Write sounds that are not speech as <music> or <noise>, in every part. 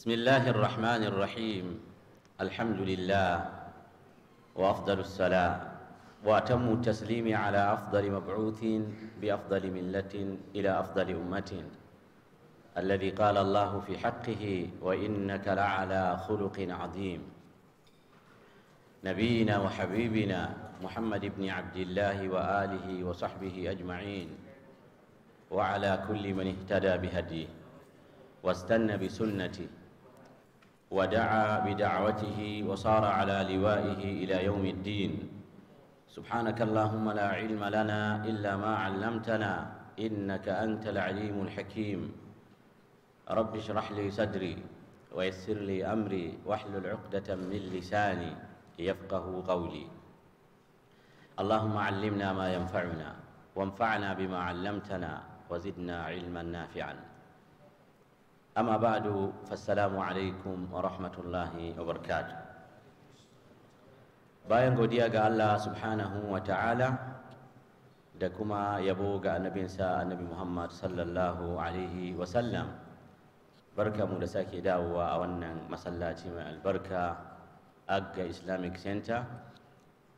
بسم الله الرحمن الرحيم الحمد لله وأفضل الصلاة وأتم التسليم على أفضل مبعوث بأفضل ملة إلى أفضل أمة الذي قال الله في حقه وإنك لعلى خلق عظيم نبينا وحبيبنا محمد بن عبد الله وآله وصحبه أجمعين وعلى كل من اهتدى بهديه واستنى بسنته ودعا بدعوته وصار على لوائه إلى يوم الدين سبحانك اللهم لا علم لنا إلا ما علمتنا إنك أنت العليم الحكيم رب اشرح لي صدري ويسر لي أمري واحلل عقدة من لساني يفقه قولي اللهم علمنا ما ينفعنا وانفعنا بما علمتنا وزدنا علما نافعا أما بعد فالسلام alaikum wa rahmatullahi wa وبركاته bayan godiya ga Allah subhanahu wa ta'ala da kuma yabo ga annabinsa annabi Muhammad sallallahu alaihi wa sallam barka mu da sake dawowa a wannan masallaci mai albarka agga islamic center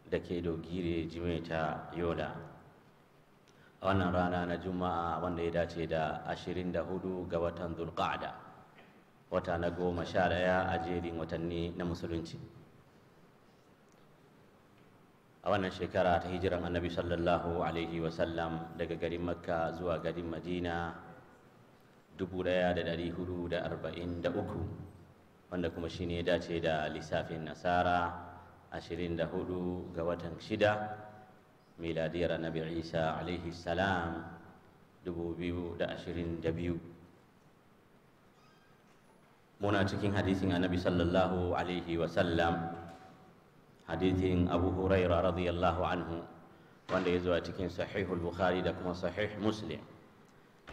da ke dogire jimeta yola a wannan rana na juma'a wanda ya dace da 24 ga watan zulqa'da wata na goma sha daya a jerin watanni na musulunci a wannan shekara ta hijiran annabi sallallahu alaihi wasallam daga garin makka zuwa garin madina 1443 wanda kuma shine ya dace da lissafin nasara 24 ga watan shida miladiyar annabi isa alaihi salam biyu. muna cikin hadisin annabi sallallahu alaihi wasallam hadisin abu huraira radiyallahu anhu wanda ya zuwa cikin sahihul bukhari da kuma sahih muslim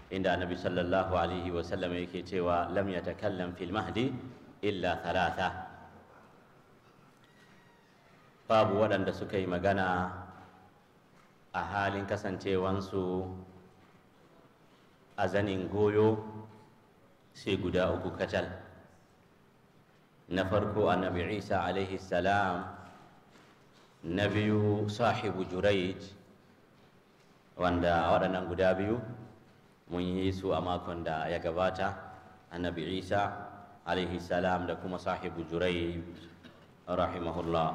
inda annabi sallallahu alaihi wasallam yake cewa lam yatakallam fil mahdi illa thalatha babu waɗanda suka yi magana a halin kasancewansu a zanin goyo sai guda uku kacal na farko annabi isa alaihi salam na biyu sahibu juraij wanda waɗannan guda biyu mun yi su a makon da ya gabata annabi isa alaihi salam da kuma sahibu juraij rahimahullah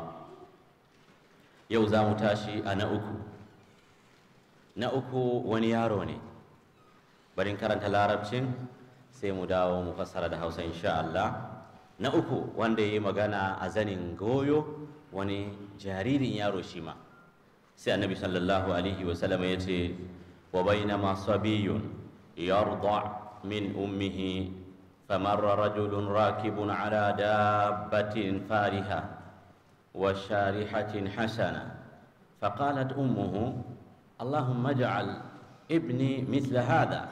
yau za mu tashi a na uku na uku wani yaro ne barin karanta larabcin sai mu dawo mu fassara da hausa insha Allah na uku wanda ya yi magana a zanin goyo wani jaririn yaro shi ma sai annabi sallallahu alaihi wasallam ya ce wa bainama sabiyun yarda min ummihi famarra rajulun rakibun ala dabbatin fariha wa sharihatin hasana فقالت ummuhu اللهم اجعل ابني مثل هذا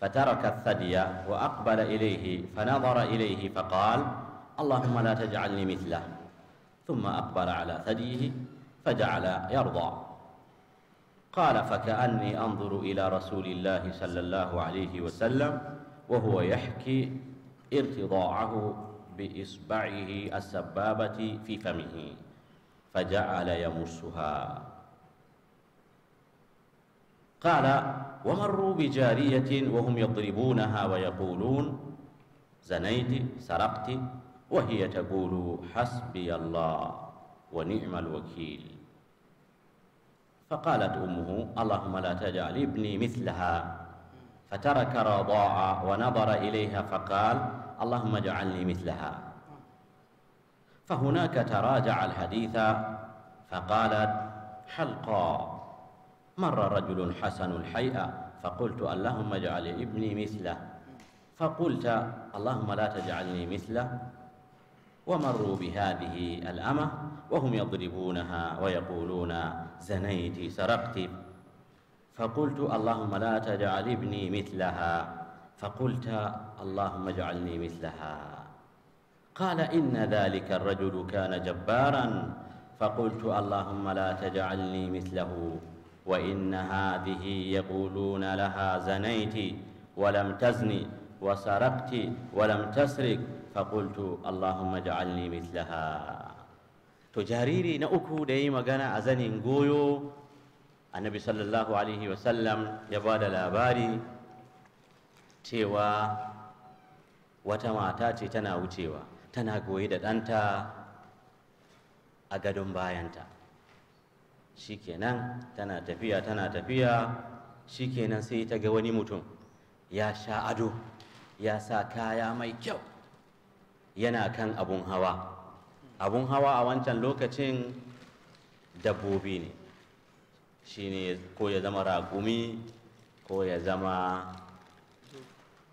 فترك الثدي وأقبل إليه فنظر إليه فقال اللهم لا تجعلني مثله ثم أقبل على ثديه فجعل يرضى قال فكأني أنظر إلى رسول الله صلى الله عليه وسلم وهو يحكي ارتضاعه بإصبعه السبابة في فمه فجعل يمسها قال ومروا بجارية وهم يضربونها ويقولون زنيت سرقت وهي تقول حسبي الله ونعم الوكيل فقالت أمه اللهم لا تجعل ابني مثلها فترك رضاعة ونظر إليها فقال اللهم اجعلني مثلها فهناك تراجع الحديث فقالت حلقا مر رجل حسن الحيئة فقلت اللهم اجعل ابني مثله فقلت اللهم لا تجعلني مثله ومروا بهذه الأمة وهم يضربونها ويقولون زنيت سرقت فقلت اللهم لا تجعل ابني مثلها فقلت اللهم اجعلني مثلها قال إن ذلك الرجل كان جبارا فقلت اللهم لا تجعلني مثله وإن هذه يقولون لها زنيت ولم تزني وسرقت ولم تسرق فقلت اللهم اجعلني مثلها to jariri na uku da yi magana a zanin goyo annabi sallallahu ya ba da labari cewa wata mata ce tana wucewa tana goye da ɗanta a gadon bayanta shikenan tana tafiya tana tafiya shikenan sai ta ga wani mutum ya sha ado ya sa kaya mai kyau yana kan abun hawa abun hawa a wancan lokacin dabbobi ne shi ne ko ya zama ragumi ko ya zama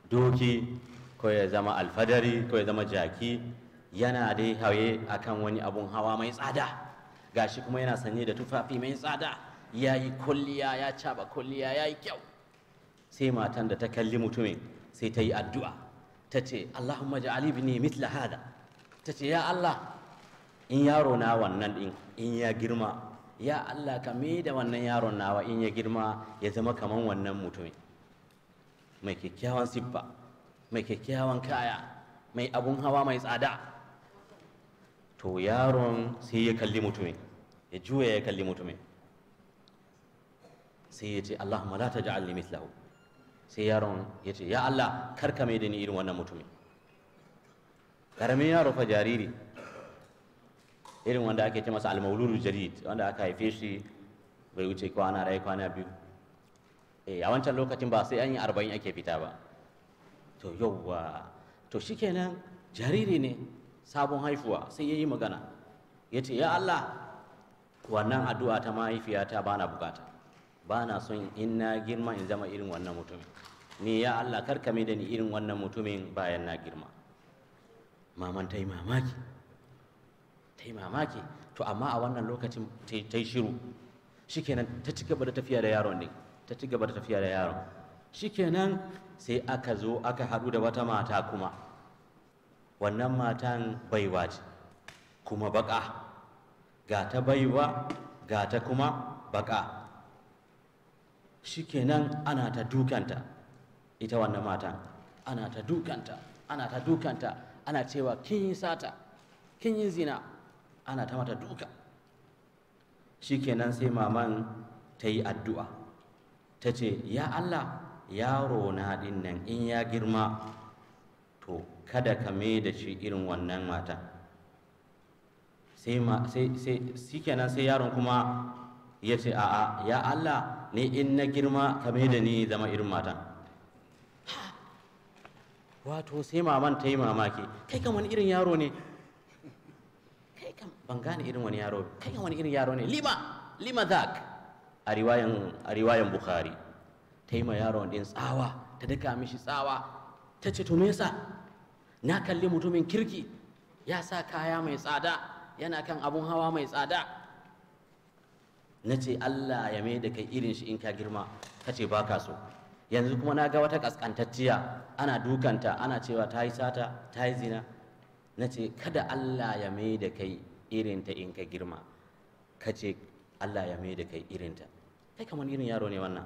doki ko ya zama alfadari ko ya zama jaki yana dai haye akan wani abun hawa mai tsada gashi kuma yana sanye da tufafi mai tsada ya yi kulliya ya caba kulliya ya yi kyau sai matan da ta kalli mutumin sai ta yi addu'a ta ce allahumma ja'al ibni mitla hada ta ce ya allah in yaro na wannan din in ya girma ya allah ka me da wannan yaron nawa in ya girma ya zama kaman wannan mutumin mai kyakkyawan siffa mai kyakkyawan kaya mai abun hawa mai tsada to yaron sai ya kalli mutumin ya juya ya kalli mutumin sai ya ce Allahumma la taj'alni mithlahu sai yaron ya ce ya Allah kar ka mai da ni irin wannan mutumin karamin yaro fa jariri irin wanda ake ce masa almaululu jarid wanda aka haife shi bai wuce kwana rai, kwana biyu e a wancan lokacin ba sai an yi arba'in ake fita ba to yauwa to shikenan jariri ne sabon haifuwa sai ya yi magana ya ce ya Allah wannan addu'a ta mahaifiyata ba na bukata ba na son in na girma in zama irin wannan mutumin ni ya Allah karkame da ni irin wannan mutumin bayan na girma maman ta yi mamaki ta yi mamaki to amma a wannan lokacin ta yi shiru shikenan ta ci gaba da tafiya da yaron ne ta ci gaba da tafiya da yaron shikenan sai aka zo aka haɗu da wata mata kuma wannan matan baiwa ce kuma baka ga ta baiwa ga ta kuma baka shikenan ana ta dukanta ita wannan matan ana ta dukanta ana ta dukanta ana cewa kin yi sata kin yi zina ana ta mata duka shikenan sai maman ta yi addu'a ta ce ya Allah yaro na dinnan in ya girma to kada ka mai da shi irin wannan matan sai kenan sai yaron kuma ya ce a'a ya Allah ne in na girma ka mai da ni zama irin matan wato sai maman ta yi mamaki kai kan wani irin yaro ne kai kan ban gane irin wani yaro kai kan wani irin yaro ne lima lima zak a riwayan a riwayan bukhari ta yi ma yaron din tsawa ta daka mishi tsawa ta ce to me yasa na kalli mutumin kirki ya sa kaya mai tsada yana kan abun hawa mai tsada na ce allah ya mai da kai irin shi in ka girma ka ce baka so yanzu kuma na ga wata kaskantacciya ana dukanta ana cewa ta yi sata ta yi zina na ce kada allah ya mai da kai irinta in ka girma ka ce allah ya mai da kai irinta kai kamar irin yaro ne wannan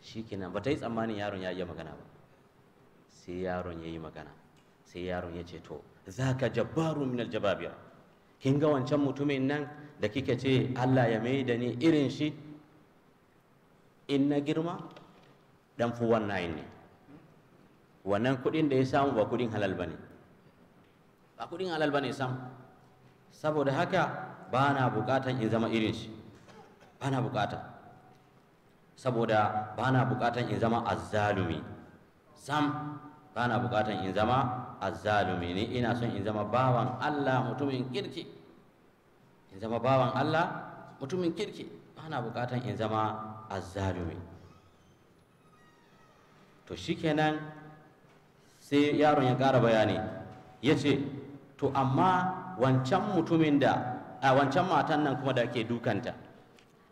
shi kenan ba ta yi tsammanin yaron ya iya magana ba sai yaron ya yi magana sai yaron ya ce to za ka jabbaru min aljababiya kin ga wancan mutumin nan da kika ce allah ya mai da ni irin shi in na girma dan fuwan wannan ne wannan kuɗin da ya samu ba kuɗin halal ba ne ba kuɗin halal ba ne sam saboda haka ba na buƙatan in zama irin shi ba na buƙata saboda ba na buƙatan in zama azzalumi sam kana na bukatan in zama azzalumi ne ina son in zama bawan Allah mutumin kirki in zama bawan Allah mutumin kirki kana bukatan in zama azzalumi to shikenan sai yaron ya ƙara bayani ya ce to amma wancan mutumin da a wancan matan nan kuma da ke dukanta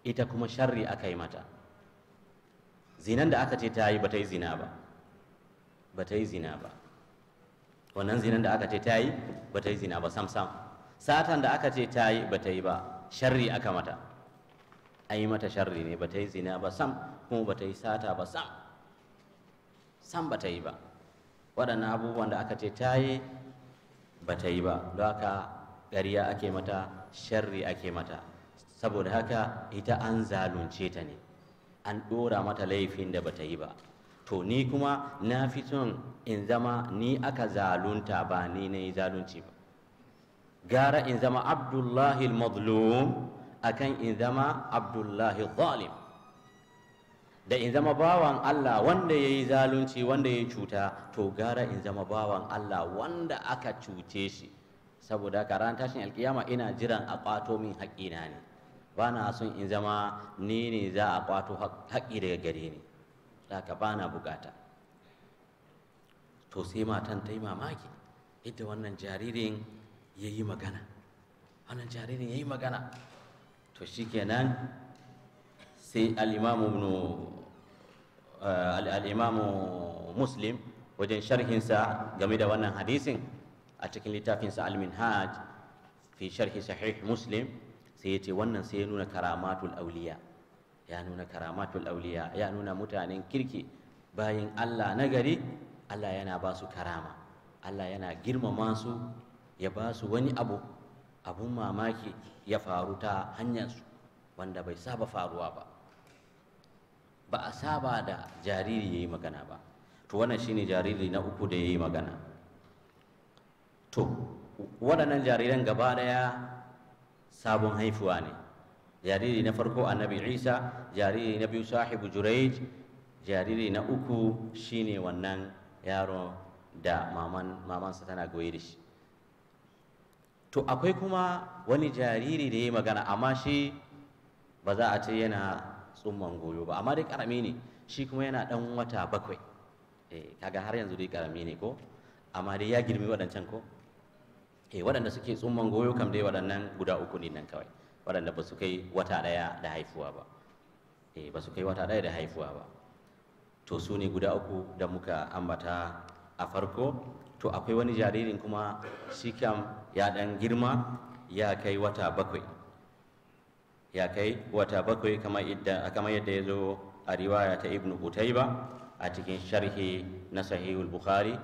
ita kuma sharri aka yi mata zinan da aka ce ta yi ba ta yi zina ba ba ta yi zina ba wannan zinan da aka ce ta yi ba ta yi zina ba sam sam satan da aka ce ta yi ba ta yi ba sharri aka mata an yi mata sharri ne ba ta yi zina ba sam kuma ba ta yi sata ba sam sam ba ta yi ba waɗannan abubuwan da aka ce ta yi ba ta yi ba don haka ƙarya ake mata sharri ake mata saboda haka ita an zalunce ta ne an ɗora mata laifin da ba ta yi ba to ni kuma na fi son in zama ni aka zalunta ba ni na yi zalunci ba gara in zama abdullahi mazlum akan in zama abdullahi zalim da in zama bawan Allah wanda ya yi zalunci wanda ya cuta to gara in zama bawan Allah wanda aka cuce shi saboda ka ran tashin alkiyama ina jiran a kwato min haƙina ne ba na son in zama ni ne za a kwato haƙƙi daga gare ni da ba na bukata to sai matan ta yi mamaki yadda wannan jaririn ya yi magana wannan jaririn ya yi magana to shi shikenan sai eh, al'imamu muslim wajen sharhinsa game da wannan hadisin a cikin littafinsa al-minhaj fi sharhi sahih muslim sai ya ce wannan sai ya nuna karamatul auliya ya nuna karamatul auliya ya nuna mutanen kirki Bayan Allah na gari Allah yana ba su karama Allah yana girmama su ya ba su wani abu abun mamaki ya faru ta hanyarsu wanda bai saba faruwa ba ba a saba da jariri ya yi magana ba to wannan shine jariri na uku da ya yi magana to waɗannan jariran gaba ɗaya sabon haifuwa ne jariri na farko annabi isa jariri na biyu sahibu juraij jariri na uku shine wannan yaro da maman mamansa tana goye da shi to akwai kuma wani jariri da ya yi magana amma shi ba za a ce yana tsumman goyo ba amma dai karami ne shi kuma yana dan wata bakwai eh, kaga har yanzu dai karami ne ko amma dai ya girmi waɗancan ko eh, waɗanda suke tsumman goyo kam dai waɗannan guda uku ne nan kawai waɗanda ba su kai wata ɗaya da haifuwa ba eh ba su kai wata ɗaya da haifuwa ba to su ne guda uku da muka ambata a farko to akwai wani jaririn kuma shi kam ya ɗan girma ya kai wata bakwai ya kai wata bakwai kamar yadda ya zo a riwaya ta ibnu utaiba a cikin sharhi na sahihul bukhari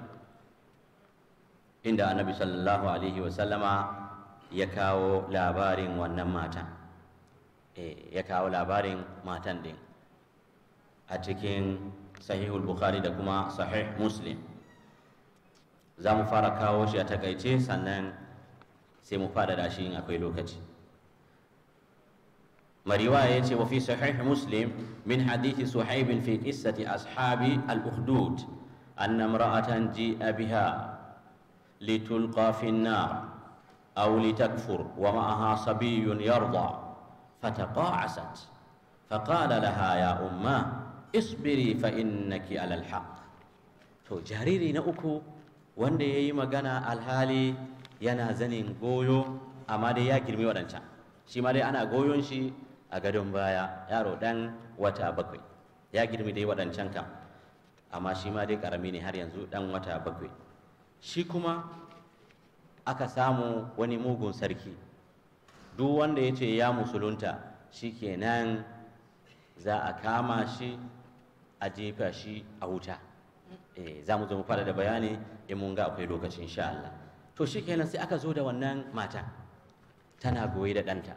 inda annabi sallallahu alaihi wasallama ya kawo labarin wannan matan ya kawo labarin matan din a cikin sahihul bukhari da kuma sahih muslim za mu fara kawo shi a takaice sannan sai mu fada shi in akwai lokaci mariwaya ya ce wa fi sahih muslim min hadithi suhaibin fi qissati ashabi al-ukhdud anna imra'atan ji'a biha litulqa fi an-nar أو لتكفر ومعها صبي يرضع فتقاعست فقال لها يا أماه fa فإنك على الحق to jariri na uku wanda ya yi magana alhali yana zanin goyo amma dai ya girmi waɗancan shi ma dai ana goyon shi a gadon baya yaro ɗan wata bakwai ya girmi dai waɗancan ka amma shi ma dai ƙarami ne har yanzu ɗan wata bakwai shi kuma aka samu wani mugun sarki duk wanda ya ce ya musulunta shikenan za a kama shi a jefa shi a wuta eh, za mu zo mu fara da bayani in mun ga akwai lokacin sha Allah to shikenan sai aka zo da wannan mata tana goye da ɗanta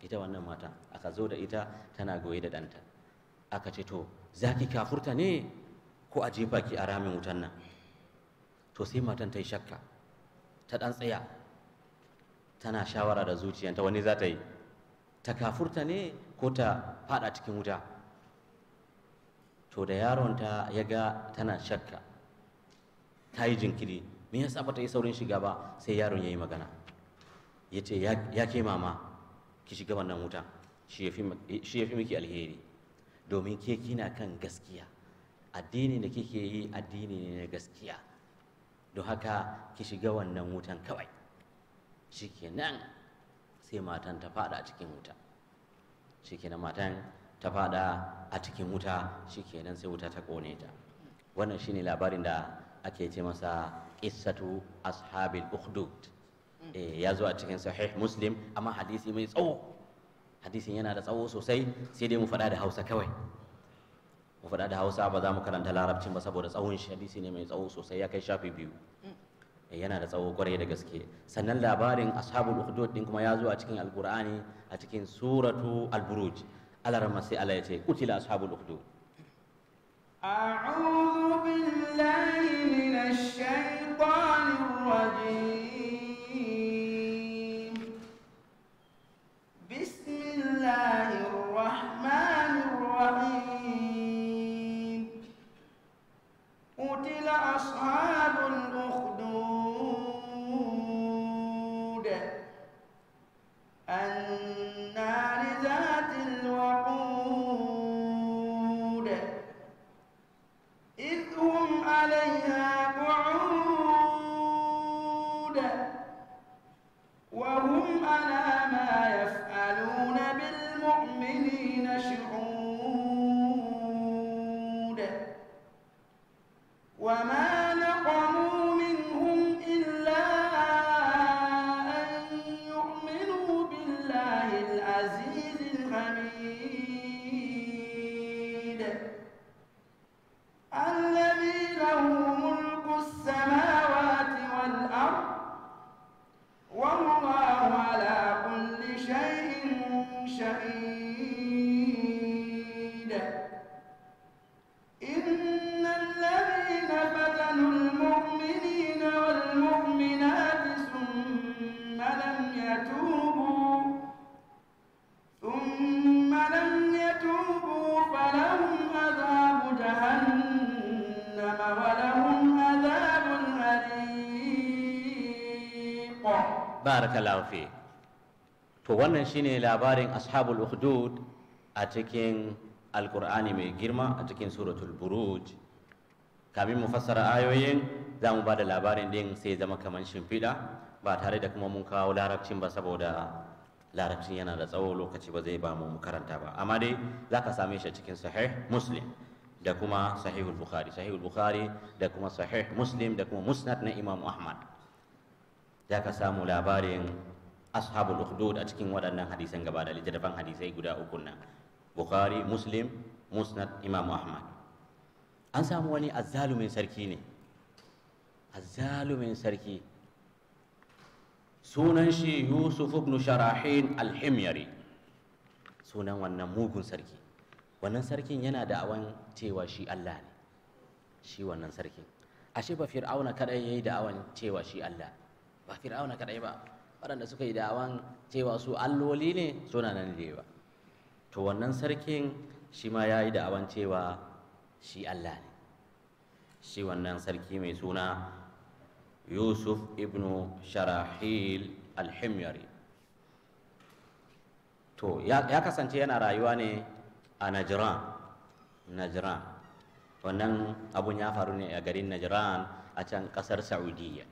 ita wannan mata aka zo da ita tana goye da ɗanta aka ce to za ki kafurta ne ko a jefa ki a ramin wutan nan to sai matan ta yi shakka ta ɗan tsaya tana shawara da zuciyanta wani za ta yi ta kafurta ne ko ta faɗa cikin wuta to da yaronta ya ga tana shakka ta yi jinkiri me yasa saba ta yi saurin shiga ba sai yaron ya yi magana ya ce ya ke mama ki shiga wannan wuta shi ya fi miki alheri domin ke kina kan gaskiya addini da kike yi addini ne na gaskiya don haka ki shiga wannan wutan kawai shikenan sai matan ta fada a cikin wuta shikenan matan ta fada a cikin wuta shikenan sai wuta ta kone ta wannan shine labarin da ake ce masa qissatu ashabil ukhdud eh ya zo a cikin sahih muslim amma hadisi mai tsawo hadisin yana da tsawo sosai sai dai mu faɗa da hausa kawai mu faɗa da hausa ba za mu karanta larabcin ba saboda tsawon hadisi ne mai tsawo sosai ya kai shafi biyu eh, yana da tsawo kwarai da gaske sannan labarin ashabul ukhdud din kuma ya zo a cikin alqur'ani a cikin suratu alburuj alarma sai Allah ya ce kutila ashabul ukhdud a'udhu billahi minash shaitanir rajim barakallahu to wannan shine labarin ashabul ukhdud a cikin alkur'ani mai girma a cikin suratul buruj kamin mu fassara ayoyin za mu ba da labarin din sai zama kamar shimfiɗa ba tare da kuma mun kawo larabcin ba saboda larabcin yana da tsawo lokaci ba zai ba mu karanta ba amma dai za ka same shi cikin sahih muslim da kuma sahihul bukhari sahihul bukhari da kuma sahih muslim da kuma musnad na imam ahmad za ka samu labarin ashabul ukhdud a cikin waɗannan hadisan gaba da littattafan hadisai guda uku nan bukhari muslim musnad imam ahmad an samu wani azzalumin sarki ne azzalumin sarki sunan shi yusuf ibn sharahin alhimyari sunan wannan mugun sarki wannan sarkin yana da awan cewa shi allah ne shi wannan sarkin ashe ba fir'auna kadai yayi da awan cewa shi allah ba fir'auna kadai ba waɗanda suka yi dawan cewa su alloli ne suna nan ne ba to wannan sarkin shi ma ya yi da'awan cewa shi allah ne shi wannan sarki mai suna yusuf Ibn sharahil alhimyari to ya kasance yana rayuwa ne a najran najran wannan abun ya faru ne a garin najran a can kasar Sa'udiyya.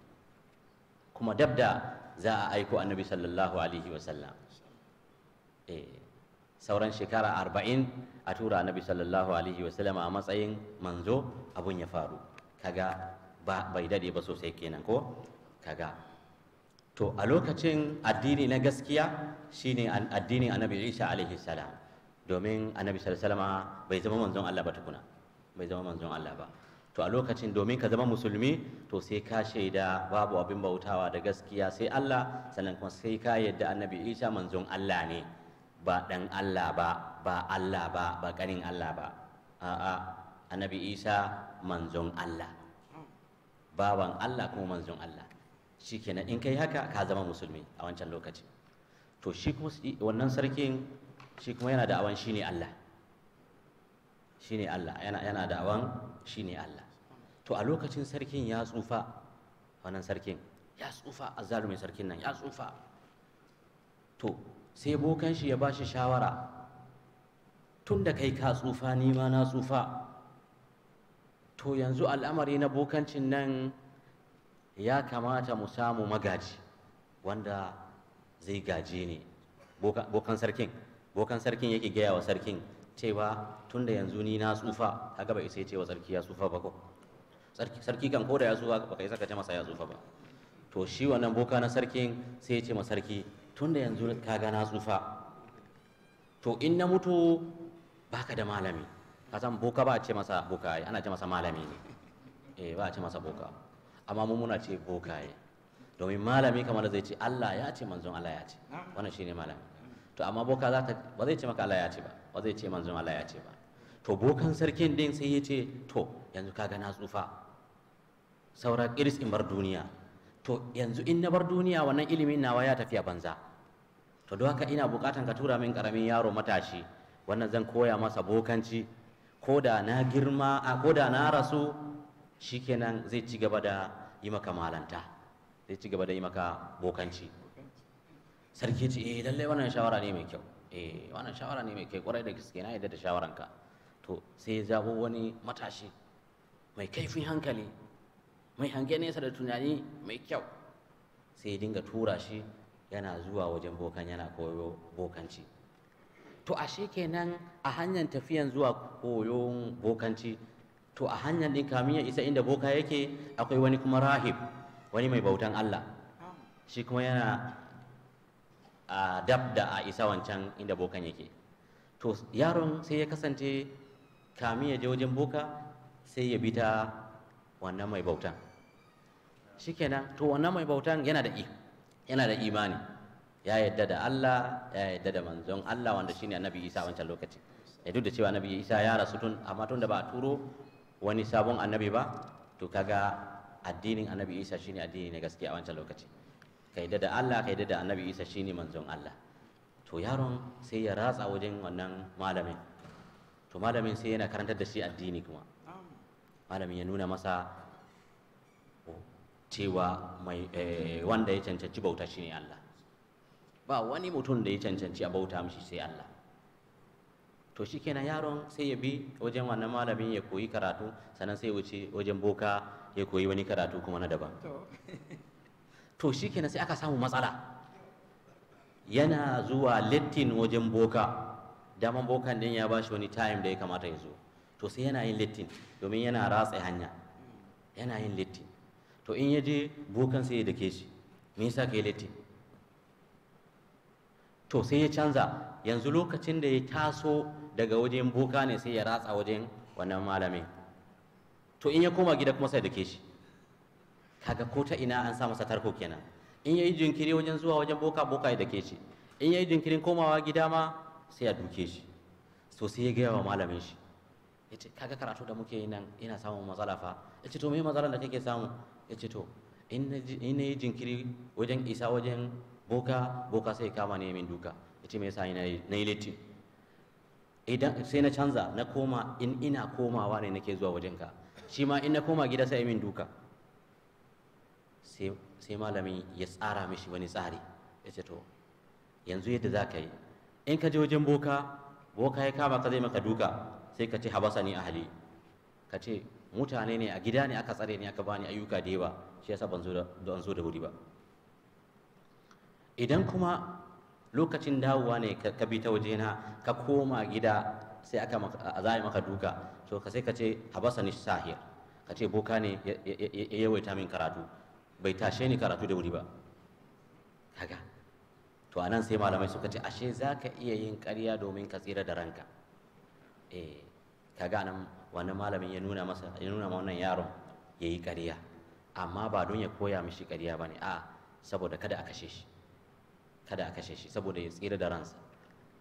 kuma dab da za a aiko annabi sallallahu alaihi wasallam eh, sauran shekara arba'in a tura annabi sallallahu alaihi wasallam a matsayin manzo abun ya faru kaga ba bai dade ba sosai kenan ko kaga to a lokacin addini na gaskiya shine addinin annabi isa alaihi salam domin annabi sallallahu alaihi wasallam bai zama manzon Allah ba tukuna bai zama manzon Allah ba to a lokacin domin ka zama musulmi to sai ka shaida babu abin bautawa da gaskiya sai Allah sannan kuma sai ka yadda annabi Isa manzon Allah ne ba dan Allah ba ba Allah ba ba kanin Allah ba a'a annabi Isa manzon Allah baban Allah kuma manzon Allah shikenan in kai haka ka zama musulmi a wancan lokaci to shi kuma wannan sarkin shi kuma yana da awan shine Allah shine Allah yana yana da awan shine Allah to a lokacin sarkin ya tsufa wannan sarkin ya tsufa a zarumin sarkin nan ya tsufa to sai bokan shi ya ba shi shawara tun da kai ka tsufa ni ma na tsufa to yanzu al'amari na bokancin nan ya kamata mu samu magaji wanda zai gaje ne bokan sarkin bokan sarkin yake gaya wa sarkin cewa tun da yanzu ni na tsufa isa bai sai cewa sarki ya tsufa ba ko sarki kan ko da ya zuwa ba kai saka ce masa ya zufa ba to shi wannan boka na sarkin sai ya ce ma sarki tun da yanzu ka ga na to in na mutu baka da malami ka san boka ba a ce masa boka ya ana ce masa malami ne eh ba a ce masa boka amma mu muna ce boka ya domin malami kamar zai ce Allah ya ce manzon Allah ya ce wannan shine malami to amma boka za ka ba zai ce maka Allah ya ce ba ba zai ce manzon Allah ya ce ba to bokan sarkin din sai ya ce to yanzu kaga na tsufa sauran iris in bar duniya to yanzu in na bar duniya wannan ilimin nawa ya tafiya banza to don haka ina bukatan ka tura min karamin yaro matashi wannan zan koya masa bokanci ko da na girma a ko da na rasu shikenan zai ci gaba da yi maka malanta zai ci gaba da yi maka bokanci sarki ce eh lallai wannan shawara ne mai kyau eh wannan shawara ne mai kyau kwarai da gaske na yadda da shawaranka to sai ya zabo wani matashi mai kaifin hankali mai hange nesa da tunani mai kyau sai dinga tura shi yana zuwa wajen bokan yana koyo bokanci to ashe kenan a hanyar tafiyan zuwa koyon bokanci to a hanyar din kamin ya isa inda boka yake akwai wani kuma rahib wani mai bautan Allah shi kuma yana a dab da a isa wancan inda bokan yake to yaron sai ya kasance kamin ya je wajen boka sai ya bi ta wannan mai bautan kenan to wannan mai bautan yana da yana da imani ya yadda da Allah ya yadda da manzon Allah wanda shine annabi Isa wancan lokaci ya duk da cewa annabi Isa ya rasu tun amma tun da ba a turo wani sabon annabi ba to kaga addinin annabi Isa shine addini ne gaskiya a wancan lokaci ka yadda da Allah ka yadda da annabi Isa shine manzon Allah to yaron sai ya ratsa wajen wannan malamin to malamin sai yana karantar da shi addini kuma malamin ya nuna masa cewa mai eh, wanda ya cancanci bauta shine Allah ba wani mutum da ya cancanci a bauta mishi sai Allah to shikenan yaron sai ya bi wajen wannan malamin ya koyi karatu sannan sai wuce wajen boka ya koyi wani karatu kuma na daban to shikenan sai aka samu matsala yana zuwa littin wajen boka daman bokan din ya bashi wani time da ya kamata ya zo to sai yana yin littin domin yana ratsa hanya yana yin littin to in ya je bokan sai ya dake shi me yasa kai yi littin to sai ya canza yanzu lokacin da ya taso daga wajen boka ne sai ya ratsa wajen wannan malamin to in ya koma gida kuma sai dake shi kaga ko ta ina an sa masa tarko kenan in yayi jinkiri wajen zuwa wajen boka boka ya dake shi in yayi jinkirin komawa gida ma sai ya duke shi so sai ya gaya wa malamin shi yace kaga karatu da muke yi nan ina samun matsala fa yace to me matsalar da kake samu yace to in yi jinkiri wajen isa wajen boka boka sai kama ne min duka yace me yasa na yi litti idan sai na canza na koma in ina komawa ne nake zuwa wajen ka. shi ma in na koma gida sai min duka sai malami ya tsara mishi wani tsari ya ce to yanzu yadda za ka yi in ka je wajen boka boka ya kama ka zai maka duka sai ka ce habasa ni ahli ka ce mutane ne a gida ne aka tsare ne aka bani ayyuka da yawa shi yasa ban zo da ban zo da wuri ba idan kuma lokacin dawowa ne ka bi ta waje na ka koma gida sai aka yi maka duka to ka sai ka ce habasa ni sahir ka ce boka ne ya yawaita min karatu bai tashe ni karatu da wuri ba kaga to anan sai malamai suka ce ashe za ka iya yin ƙarya domin ka tsira da ranka eh ga nan wannan malamin ya nuna masa ya nuna ma wannan yaron ya yi ƙarya amma ba don ya koya mishi ƙarya ne a saboda kada a kashe shi kada a kashe shi saboda ya tsira da ransa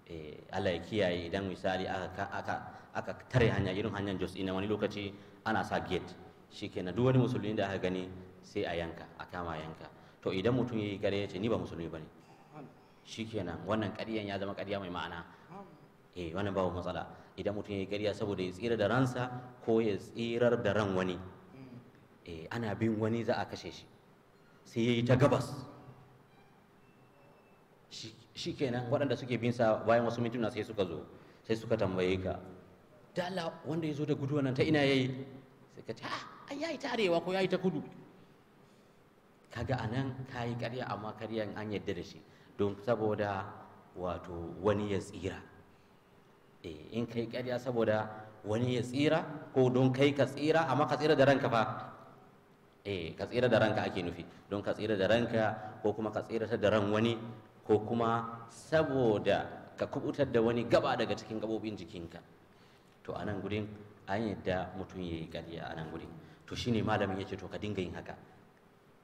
eh Allah ya kiyaye idan misali aka aka aka tare hanya irin hanyar Jos ina wani lokaci ana sa gate shikenan duk wani musulmi da aka gani sai a yanka a kama yanka to idan mutum yayi ƙarya ya ce ni ba musulmi bane na wannan ƙaryan ya zama ƙarya mai ma'ana eh wannan babu matsala idan mutum ya yi ƙarya saboda ya tsira da ransa ko ya tsirar da ran wani eh, ana bin wani za a kashe shi sai ya yi ta gabas shi kenan waɗanda suke bin sa bayan wasu mintuna sai suka zo sai suka tambaye ka dala wanda ya zo da gudu nan ta ina yayi sai ka ce ah ya yi ta arewa ko ya yi ta kudu kaga anan ka yi ƙarya amma ƙaryan an yadda da shi don saboda wato wani ya tsira Eh, in kai ƙarya saboda wani ya tsira ko don kai ka tsira amma ka tsira da ranka fa eh ka tsira da ranka ake nufi don ka tsira da ranka ko kuma ka tsira da ran wani ko kuma saboda ka kubutar da wani gaba daga cikin gabobin jikinka to a nan gudun an yadda mutum ya yi ƙarya a nan gudun to shine malamin ya ce to ka dinga yin haka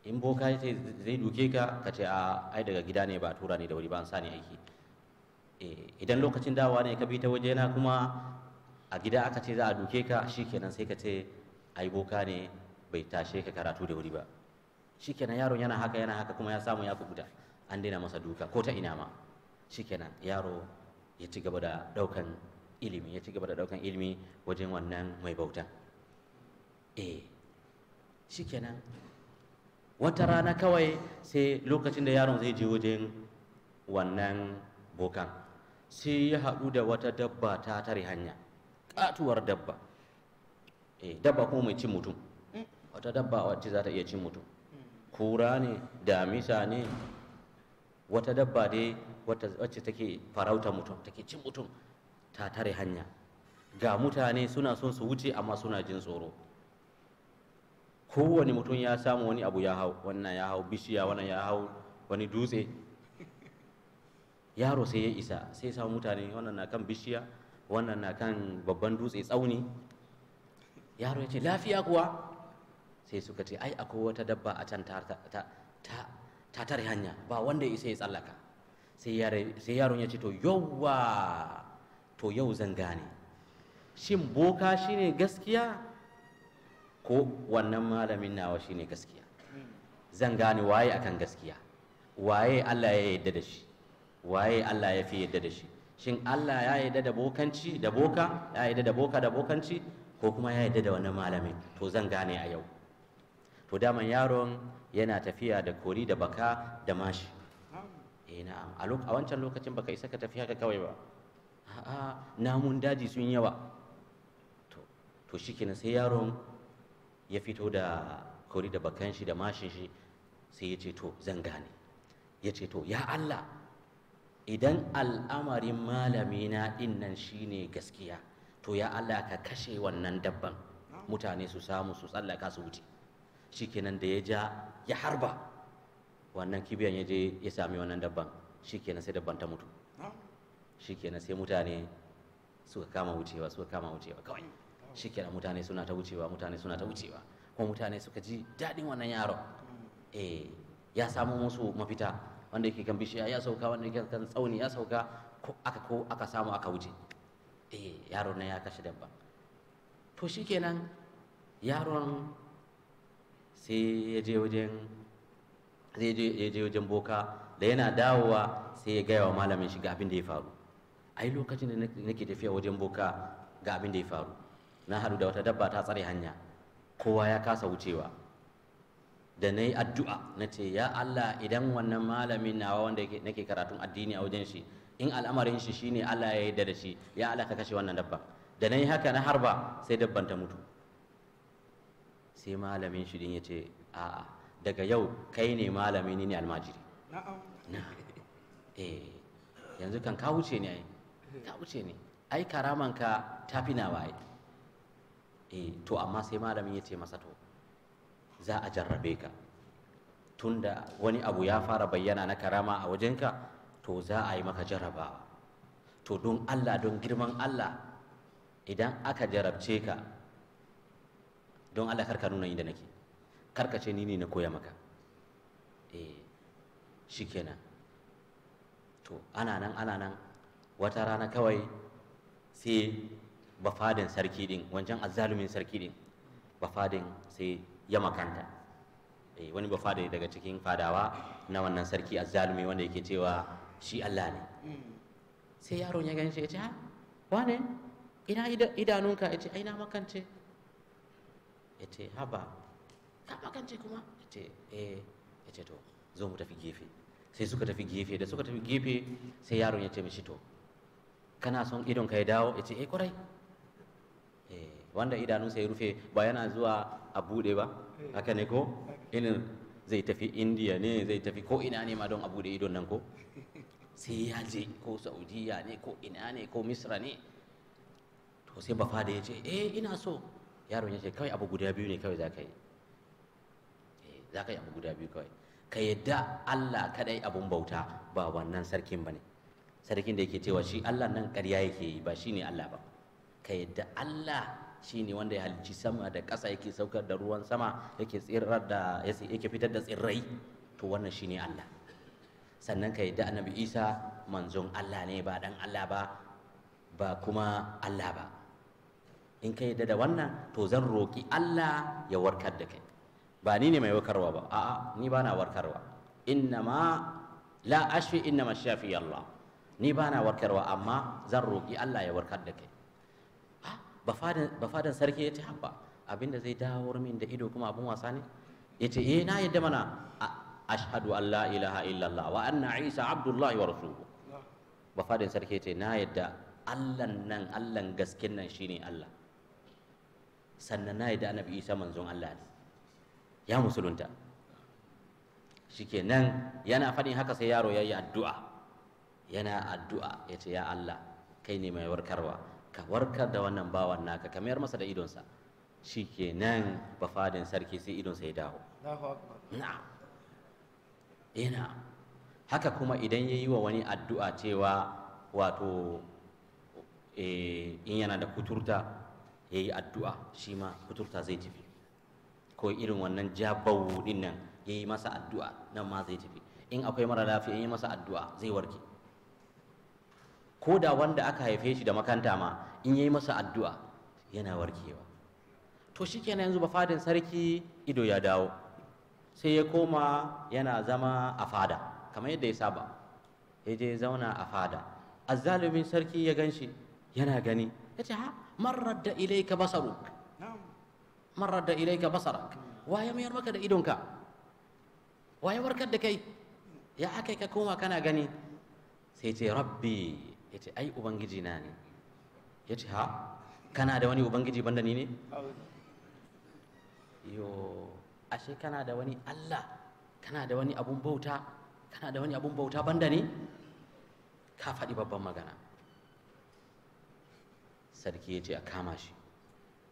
in boka ce zai duke ka ka ce a ai daga gida ne ba tura ne da wuri ba an sa ni aiki Eh, idan lokacin dawa ne ka bi ta wajena kuma a gida aka ce za a duke ka shikenan sai ka ce ai boka ne bai tashe ka karatu da wuri ba shikenan yaron yana haka yana haka kuma ya samu ya kubuta an daina masa duka ko ta ina ma shikenan yaro ya ci gaba da daukan ilimi ya ci gaba da daukan ilimi wajen wannan mai bautan eh shikenan wata rana kawai sai lokacin da yaron zai je wajen wannan bokan sai ya haɗu da wata dabba ta tare hanya katuwar dabba eh, dabba ko mai cin mutum wata dabba wacce za ta iya cin mutum kura ne damisa ne wata dabba dai wacce take farauta mutum take cin mutum ta tare hanya ga mutane suna son su wuce amma suna jin tsoro kowane mutum ya samu wani abu ya hau wannan ya hau bishiya wannan ya hau wani dutse yaro sai ya isa sai ya samu mutane wannan na kan bishiya wannan na kan babban dutse tsauni yaro ya ce lafiya kuwa sai suka ce ai akwai wata dabba a can ta ta tare hanya ba wanda isa ya tsallaka sai yaron ya ce to yauwa to yau zan gane shin boka shine gaskiya ko wannan malamin nawa shine gaskiya zan gane waye akan gaskiya waye Allah ya yarda da shi waye Allah ya fi yadda da shi shin Allah ya yadda da bokanci da boka ya yadda da boka da bokanci ko kuma ya yadda da wani malami to zan gane a yau to daman yaron yana tafiya da kori da baka da mashi eh na'am a wancan lokacin baka isa ka tafi haka kawai ba a'a namun daji sun yawa to to shikenan sai yaron ya fito da kori da bakan shi da mashin shi sai ya ce to zan gane ya ce to ya Allah idan al'amarin malami na nan shine gaskiya to ya Allah ka kashe wannan dabban mutane su samu su tsallaka su wuce shikenan da ya ja ya harba wannan kibiyan ya je ya sami wannan dabban shikenan sai dabban ta mutu shikenan sai mutane suka kama wucewa suka kama wucewa kawai shikenan mutane suna ta wucewa mutane suna ta wucewa kuma mutane suka ji daɗin wannan yaron eh ya samu musu mafita wanda yake kan bishiya ya sauka wanda yake kan tsauni ya sauka ko aka ko aka samu aka wuce eh yaro na ya kashe dabba to shikenan yaron sai ya je wajen ya je wajen boka da yana dawowa sai ya gaya wa malamin shi ga abin da ya faru ai lokacin da nake tafiya wajen boka ga abin da ya faru na haɗu da wata dabba ta tsare hanya kowa ya kasa wucewa da na yi addu'a na ce ya Allah idan wannan malamin nawa wanda nake karatun addini a wajen shi in al'amarin shi shine Allah ya yarda da shi ya Allah ka kashe wannan dabba da na yi haka na harba sai dabban ta mutu sai malamin shi din ya ce a'a daga yau kai ne malami ni ne almajiri eh yanzu kan ka wuce ne ai ka wuce ne ai karaman ka tafi nawa ai eh to amma sai malamin ya ce masa to za a jarrabe ka tunda wani abu ya fara bayyana na karama a wajenka to za a yi maka jarrabawa to don Allah don girman Allah idan aka jarabce ka don Allah karka nuna inda nake karka ce ni ne na koya maka eh shikenan to ana nan ana nan wata rana kawai sai bafadin sarki din wancan azzalumin sarki din bafadin sai ya makanta eh, wani ba fada daga cikin fadawa na wannan sarki azzalumi wanda yake cewa shi Allah ne mm. sai yaron ya gani shi ya ce ha wane ina idanunka ya ce aina makance ya ce haba ka makance kuma ya ce eh ya ce to zo mu tafi gefe sai suka tafi gefe da suka tafi gefe sai yaron ya ce mishi to kana son idonka ya dawo ya ce eh kwarai wanda idanunsa ya rufe ba yana zuwa a bude ba haka ne ko inin zai tafi indiya ne zai tafi ko ina ne ma don a bude idon nan ko sai ya je ko saudiya ne ko ina ne ko misra ne to sai ba fada ya ce eh ina so yaron ya ce kawai abu guda biyu ne kawai za ka yi eh, za ka yi abu guda biyu kawai ka yadda allah kadai abun bauta ba wannan sarkin ba ne sarkin da yake cewa shi allah nan karya yake yi ba shi ne allah ba ka yadda allah shine wanda ya halicci sama da ƙasa yake saukar da ruwan sama yake tsirar da yake fitar da tsirrai to wannan shine Allah sannan ka yadda annabi Isa manzon Allah ne ba dan Allah ba ba kuma Allah ba in ka yadda da wannan to zan roki Allah ya warkar da kai ba ni ne mai warkarwa ba a'a ni ba na warkarwa innama la ashfi innama shafi Allah ni ba na warkarwa amma zan roki Allah ya warkar da kai bafadan sarki ya ce haɓa abinda zai dawo min da ido kuma abin wasa ne ya ce eh na yadda mana ashadu Allah, ilaha illallah wa anna isa abdullahi wa rasuluhu bafadan sarki ya ce na yadda allan nan allan gaskin nan shine allah sannan na yadda annabi isa manzon allah ne ya musulunta shikenan yana faɗin haka sai yaro ya yi addu'a yana addu'a ya ce ya Allah kai ne mai warkarwa ka warkar da wannan bawan naka ka mayar masa da idonsa shi ke nan sarki sai idonsa ya dawo yana eh, haka kuma idan ya yi wa wani addu'a cewa wato eh, in yana da kuturta ya yi addu'a shi ma kuturta zai tafi ko irin wannan jabawu din nan ya yi masa addu'a nan ma zai tafi in akwai mara lafiya ya yi masa addu'a zai warke ko da wanda aka haife shi da makanta ma in yayi masa addu'a yana warkewa to shikenan yanzu ba fadin sarki ido ya dawo sai ya koma yana zama a fada kamar yadda ya saba ya je zauna a fada azzalumin sarki ya gan shi yana gani ya ce ha marar da ilaika basaruk marar da ilaika basarak waye mayar maka da idonka waye warkar da kai ya aka ka koma kana gani sai ce rabbi ya ce ai ubangiji na ne ya ce ha kana da wani ubangiji banda ni ne yo ashe kana da wani allah kana da wani abun bauta kana da wani abun bauta banda ne ka faɗi babban magana sarki ya ce a kama shi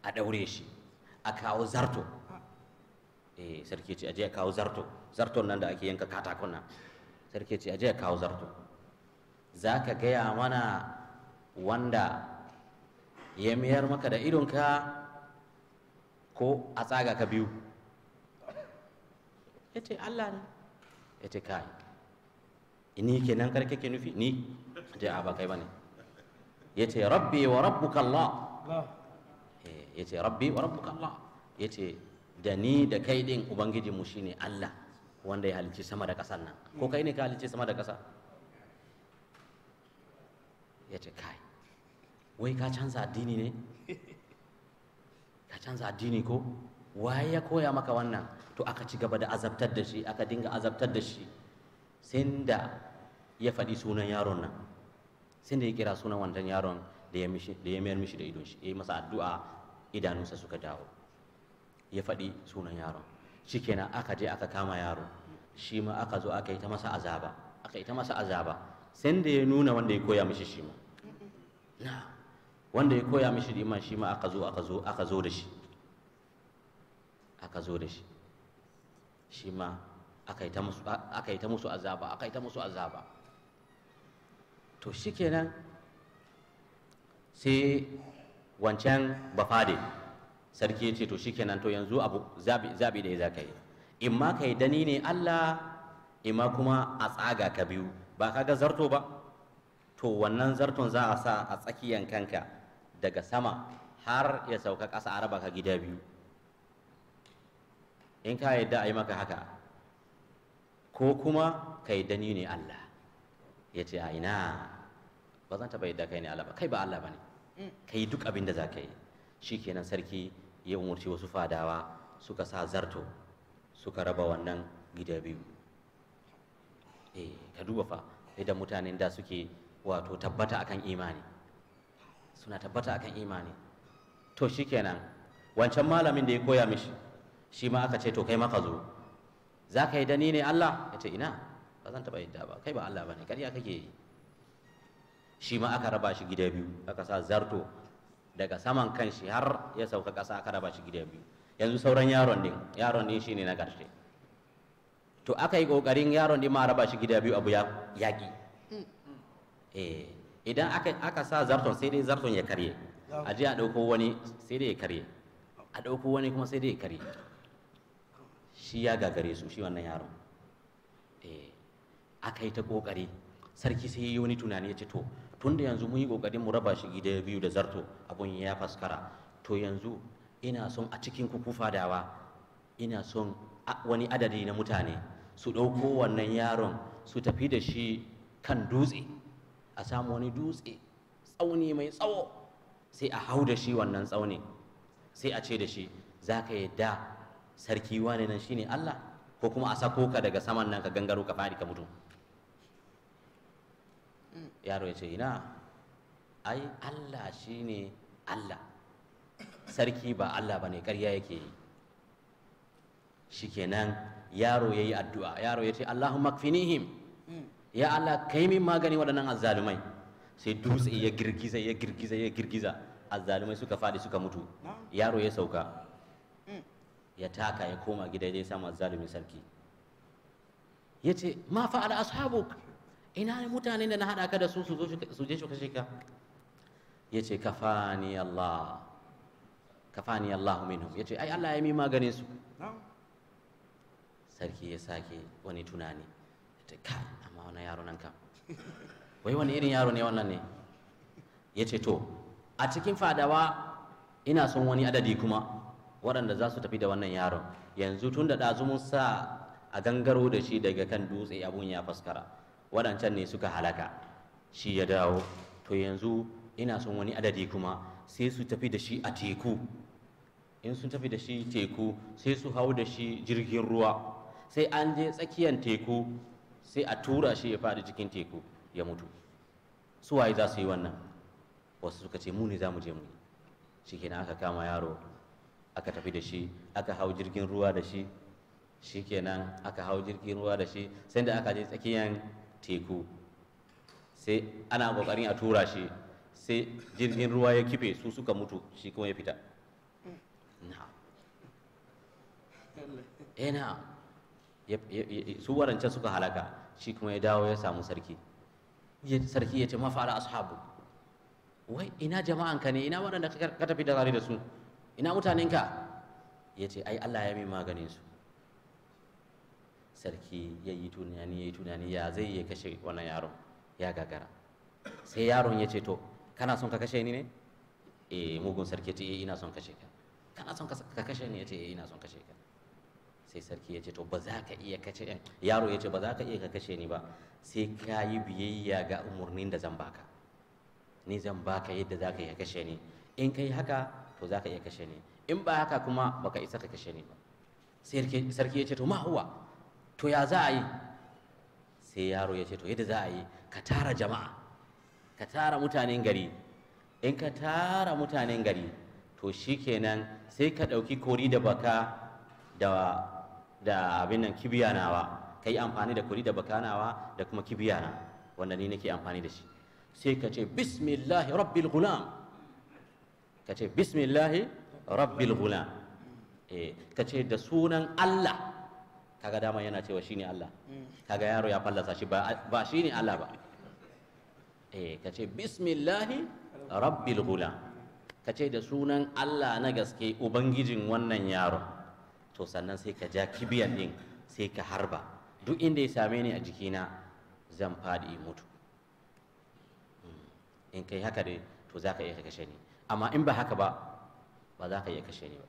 a ɗaure shi a kawo zarto eh, sarki ya ce a je a kawo zarto zarton nan da ake yanka katakon sarki ya ce a je a kawo zarto za ka gaya mana wanda ya mayar maka da idonka ko a tsaga ka biyu ya ce allah ne ya ce kai ni kenan karke ke nufi ni je a bakai ba ne ya ce rabbi wa rabbuka allah eh, ya ce rabbi wa rabbuka allah ya ce da ni da kai din ubangijinmu shine allah wanda ya halicci sama da ƙasar nan ko kai ne ka halicci sama da ƙasa ya ce kai wai ka canza addini ne <laughs> ka canza addini ko waye ya koya maka wannan to aka ci gaba da azabtar da shi aka dinga azabtar da shi sai da ya faɗi sunan yaron nan sai da ya kira sunan wannan yaron da ya mayar mishi da idon shi ya yi masa addu'a idanunsa suka dawo ya faɗi sunan yaron shikenan aka je aka kama yaro shi ma aka zo aka yi ta masa azaba aka yi ta masa azaba sai da ya nuna wanda ya koya mishi shi ma wanda ya koya mishi liman shi ma aka zo aka zo aka zo da shi aka zo da shi shi ma aka yi ta musu azaba aka yi ta musu azaba to shikenan sai wancan bafade sarki ya ce to shikenan to yanzu abu zabi da ya za ka yi in ma ka yi dani ne allah in ma kuma a tsaga ka biyu ba ka ga zarto ba to wannan zarton za a sa a tsakiyan kanka daga sama har ya sauka ƙasa a raba ka gida biyu in ka yadda a yi maka haka ko kuma ka yi dani ne Allah ya ce a ina ba zan taɓa yadda kai ne Allah ba kai ba Allah ba ne mm. ka yi duk abin da za ka yi shi kenan sarki ya umarci wasu fadawa suka sa zarto suka raba wannan gida biyu eh ka duba fa idan mutanen da suke wato tabbata akan imani suna tabbata akan imani to shikenan wancan malamin da ya koya mishi shi ma aka ce to kai maka zo za ka yi dani ne Allah ya ce ina ba zan taɓa yadda ba kai ba Allah ba ne ƙarya kake yi shi ma aka raba shi gida biyu aka sa zarto daga saman kan shi har ya sauka ƙasa aka raba shi gida biyu yanzu sauran yaron din yaron din shine na ƙarshe to aka yi ƙoƙarin yaron din ma raba shi gida biyu abu ya yaƙi Eh, idan aka sa zarton sai dai zarton ya karye a ji a ɗauko wani sai dai ya karye a ɗauko wani kuma sai dai ya karye shi ya gagare su shi wannan yaron eh, aka yi ta ƙoƙari, sarki sai yi wani tunani ya ce to tun da yanzu mun yi ƙoƙarin mu raba shi gida biyu da zarto abun ya faskara to yanzu ina son a cikin kuku fadawa ina son wani adadi na mutane su ɗauko wannan yaron su tafi da shi kan dutse a samu wani dutse tsauni mai tsawo sai a hau da shi wannan tsauni sai a ce da shi za ka yadda sarki wane nan shine Allah ko kuma a sako ka daga saman nan ka gangaro ka fadi ka mutu yaro ya ce ina ai Allah shine Allah sarki ba Allah bane ƙarya yake yi shikenan yaro ya yi addu'a yaro ya ce Allahumma kfinihim ya Allah kai min magani waɗannan azzalumai sai dutse ya girgiza ya girgiza ya girgiza azzalumai suka faɗi suka mutu yaro ya sauka mm. ya taka ya koma gida ya samu azzalumin sarki ya ce ma fa'ala ashabuk ina ne mutanen da na haɗa ka da su su je su kashe ka ya ce kafani Allah kafani Allah minhum ya ce ai Allah ya yi maganin su sarki ya sake wani tunani ta kai wannan yaro nan wai wani irin yaro ne wannan ne ya ce to a cikin fadawa ina son wani adadi kuma waɗanda za su tafi da wannan yaron yanzu tun da ɗazu mun sa a gangaro da shi daga kan dutse abun ya faskara waɗancan ne suka halaka shi ya dawo to yanzu ina son wani adadi kuma sai su tafi da shi a teku in sun tafi da shi teku sai su hau da shi jirgin ruwa sai an je tsakiyar teku sai a tura shi ya faɗi cikin teku ya mutu su waye za su yi wannan wasu suka ce mu ne za mu je mu yi shikenan aka kama yaro aka tafi da shi aka hau jirgin ruwa da shi shikenan aka hau jirgin ruwa da shi sai da aka je tsakiyar teku sai ana kokarin a tura shi sai jirgin ruwa ya kife su suka mutu shi kuma ya fita mm. na su waɗancan suka halaka shi kuma ya dawo ya samu sarki sarki ya ce mafara ashabu wai ina jama'anka ne ina waɗanda ka tafi da da su ina mutanen ka? ya ce ai Allah ya mi maganin su sarki ya yi tunani ya yi tunani ya zai ya kashe wannan yaron ya gagara sai yaron ya ce to kana son ka kashe ni ne eh mugun sarki ya ce eh, ina son kashe ka kana son ka kashe ni ya ce eh, ina son kashe ka sai sarki ya ce to ba za ka iya kace yaro ya ce ba za ka iya ka kashe ni ba sai ka yi biyayya ga umarnin da zan baka ni zan baka yadda za ka iya kashe ni in ka yi haka to za ka iya kashe ni in ba haka kuma ba ka isa ka kashe ni ba sai sarki ya ce to ma huwa to ya za a yi sai yaro ya ce to yadda za a yi ka tara jama'a ka tara mutanen gari in ka tara mutanen gari to shikenan sai ka ɗauki kori da baka da da abin nan kibiya nawa kai amfani da kuri da bakanawa da kuma kibiya na wanda ni nake amfani da shi sai ka ce bismillah rabbil gulam ka ce bismillah rabbil gulam eh ka ce da sunan Allah kaga dama yana cewa shine Allah kaga yaro ya fallasa shi ba ba shine Allah ba eh ka ce bismillah rabbil gulam ka ce da sunan Allah na gaske ubangijin wannan yaro to sannan sai ka ja kibiyan din sai ka harba duk inda ya same ni a jikina zan faɗi mutu hmm. in kai haka dai to za ka iya kashe ni amma in ba haka ba ba za ka iya kashe ni ba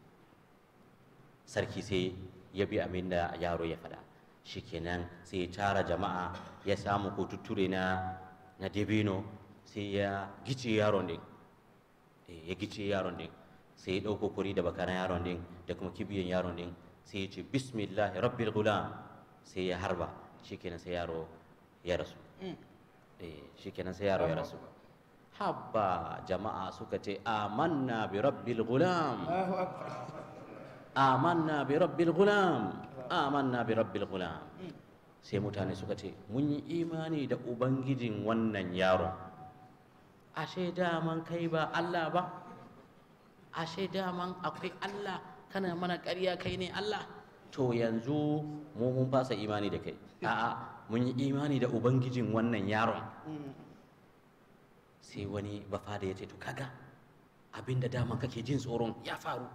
sarki sai ya bi abin da yaro ya faɗa shikenan sai ya tara jama'a ya samu ko tutture na na dabino sai ya gice yaron din eh, ya gice yaron din sai ya ɗauko kuri da bakaran yaron din da kuma kibiyan yaron din sai ya ce bismillah rabbil gulam sai ya harba shikenan sai yaro ya rasu mm. eh, shikenan sai yaro ya rasu habba jama'a suka ce amanna bi rabbil gulam amanna bi rabbil gulam amanna bi rabbil gulam mm. sai mutane suka ce mun yi imani da ubangijin wannan yaron ashe daman kai ba Allah ba ashe daman akwai Allah kana mana ƙarya kai ne Allah to yanzu mu mun fasa imani da kai a'a mun yi imani da ubangijin wannan yaron mm. sai wani bafada ya ce to kaga abinda dama kake jin tsoron ya faru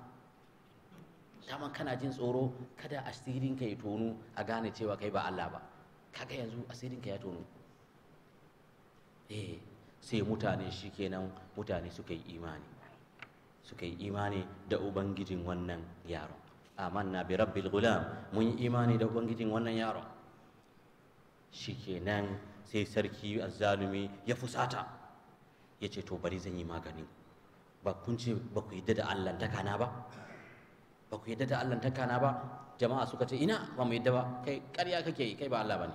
Dama kana jin tsoro kada asirinka ya tonu a gane cewa kai ba Allah ba kaga yanzu ka ya tono eh sai mutane shi kenan mutane suka yi imani suka yi imani da ubangijin wannan yaro amanna bi rabbil gulam mun yi imani da ubangijin wannan yaro shikenan sai sarki azzalumi ya fusata ya ce to bari zan yi magani ba kun ce ba ku yadda da allantaka na ba ba ku yadda da allantaka na ba jama'a suka ce ina ba mu yadda ba kai ƙarya kake yi kai ba Allah bane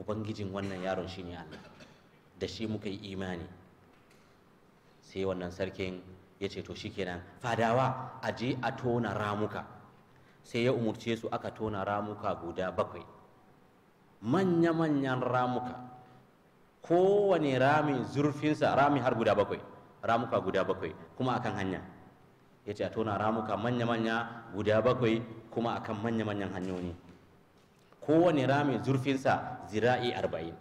ubangijin wannan yaron shine Allah da shi muka yi imani sai wannan sarkin ya ce to shikenan fadawa a je a tona ramuka sai ya umurce su aka tona ramuka guda bakwai manya-manyan ramuka kowane rami zurfinsa rami har guda bakwai ramuka guda bakwai kuma akan hanya ya ce a tona ramuka manya-manya guda bakwai kuma akan manya-manyan hanyoyi kowane rami zurfinsa zira'i arba'in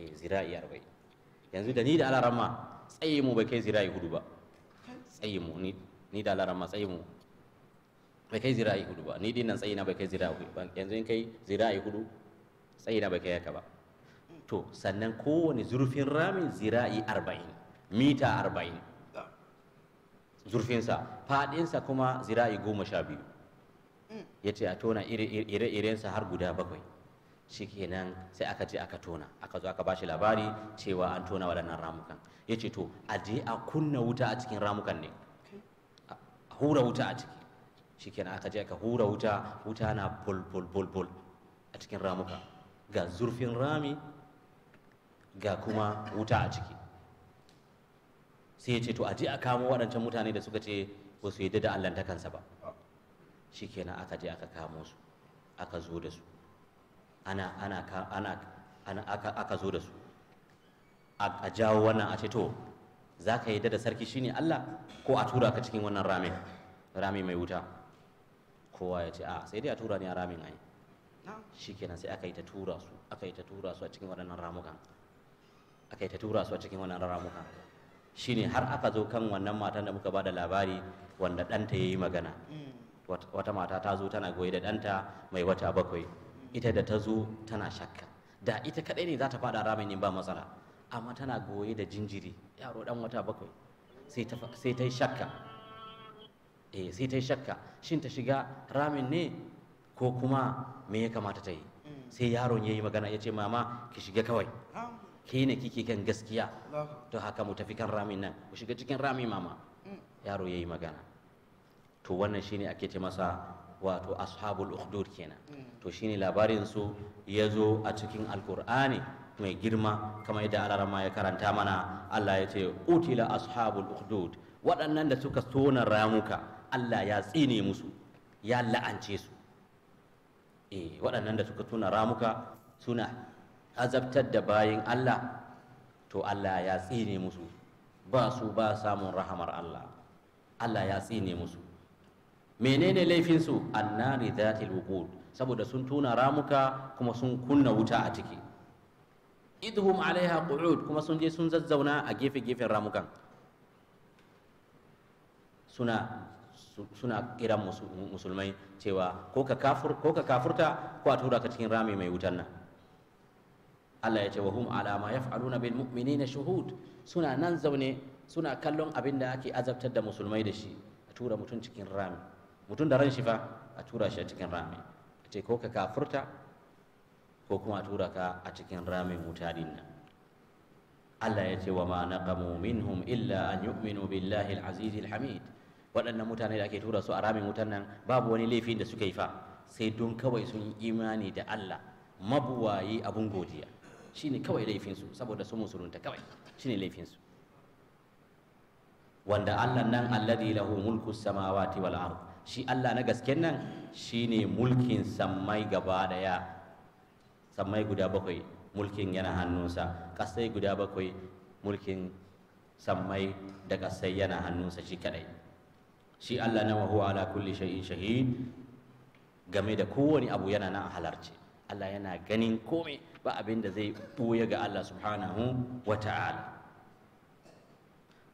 eh, zira'i arba'in yanzu da ni da alarama tsaye mu bai kai zira'i hudu ba tsayin ni da larama matsayinmu bai kai zira'i hudu ba ni dinnan tsayi na bai kai zira'i hudu ba yanzu in kai zira'i hudu tsayi na bai kai yaka ba to sannan kowane zurfin ramin zira'i arba'in mita arba'in zurfinsa faɗinsa kuma zira'i goma sha biyu mm. ya ce a tona ire-irensa har guda bakwai shikenan sai aka je aka tona aka zo aka bashi labari cewa an tona waɗannan ramukan ya ce to a je a kunna wuta a cikin ramukan ne a hura wuta a ciki shikenan aka je aka hura wuta wuta na bol a cikin ramuka ga zurfin rami ga kuma wuta a ciki sai ya ce to a je a kamo waɗancan mutane da suka ce ba su yadda da allantakansa ba shikenan aka je aka kamo su aka zo da su ana ana ana ana aka aka zo da su a jawo wannan a ce to za ka yadda da sarki shine Allah ko a tura ka cikin wannan ramin rami mai wuta kowa ya ce a sai dai a tura ni a ramin ai kenan sai aka yi ta tura su aka yi ta tura su a cikin wannan ramukan aka yi ta tura su a cikin waɗannan ramukan shine har aka zo kan wannan matan da muka ba da labari wanda ɗanta ya yi magana mm. wata mata ta zo tana goye da ɗanta mai wata bakwai ita da ta zo tana shakka da ita kadai ne za ta fada ramin ba matsala amma tana goye da jinjiri yaro dan wata bakwai sai ta shakka eh sai ta shakka shin ta shiga ramin ne ko kuma me ya kamata ta yi mm. sai yaron ya yi magana ya ce mama ki shiga kawai ke ne kike kan gaskiya to haka mu tafi kan ramin nan ku shiga cikin ramin mama mm. yaro ya yi magana to wannan shine ake ce masa wato ashabul ukhdud kenan to shine labarin su ya zo a cikin alkur'ani mai girma kamar yadda alarama ya karanta mana Allah ya ce utila ashabul ukhdud waɗannan da suka tona ramuka Allah ya tsine musu ya la'ance su eh waɗannan da suka tona ramuka suna azabtar da bayin Allah to Allah ya tsine musu ba su ba samun rahamar Allah Allah ya tsine musu menene laifinsu annari zatil wuqud saboda sun tuna ramuka kuma sun kunna wuta a ciki idhum alaiha qu'ud kuma sun je sun zazzauna a gefe gefen ramukan suna suna kiran musulmai cewa ko ka kafurta ko a tura ka cikin rami mai wutan nan Allah ya ce wa hum ala ma yaf'aluna bil mu'minina shuhud suna nan zaune suna kallon abin da ake azabtar da musulmai da shi a tura mutum cikin rami mutum da ran shi fa a tura shi a cikin rami a ce ko ka kafurta ko kuma a tura ka a cikin ramin wuta din nan Allah ya ce wa ma naqamu minhum illa an yu'minu billahi al-aziz al-hamid waɗannan mutane da ake tura su a ramin wutan nan babu wani laifin da suka yi fa sai don kawai sun yi imani da Allah mabuwayi abun godiya shine kawai laifin su saboda su musulunta kawai shine laifin su wanda Allah nan alladhi lahu mulku samawati wal ard shi Allah na gasken nan shine mulkin sammai gaba daya sammai guda bakwai mulkin yana hannunsa kasai guda bakwai mulkin sammai da kasai yana hannunsa shi kadai shi Allah na wahuwa ala kulli shay'in shahid game da kowane abu yana na halarci Allah yana ganin komai ba abin da zai ɓoye ga Allah subhanahu wa ta'ala